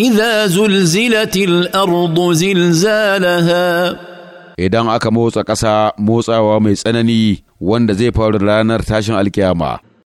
إذا زلزلت الأرض زلزالها idan aka motsa ƙasa motsawa mai tsanani wanda zai faru ranar tashin alkiyama.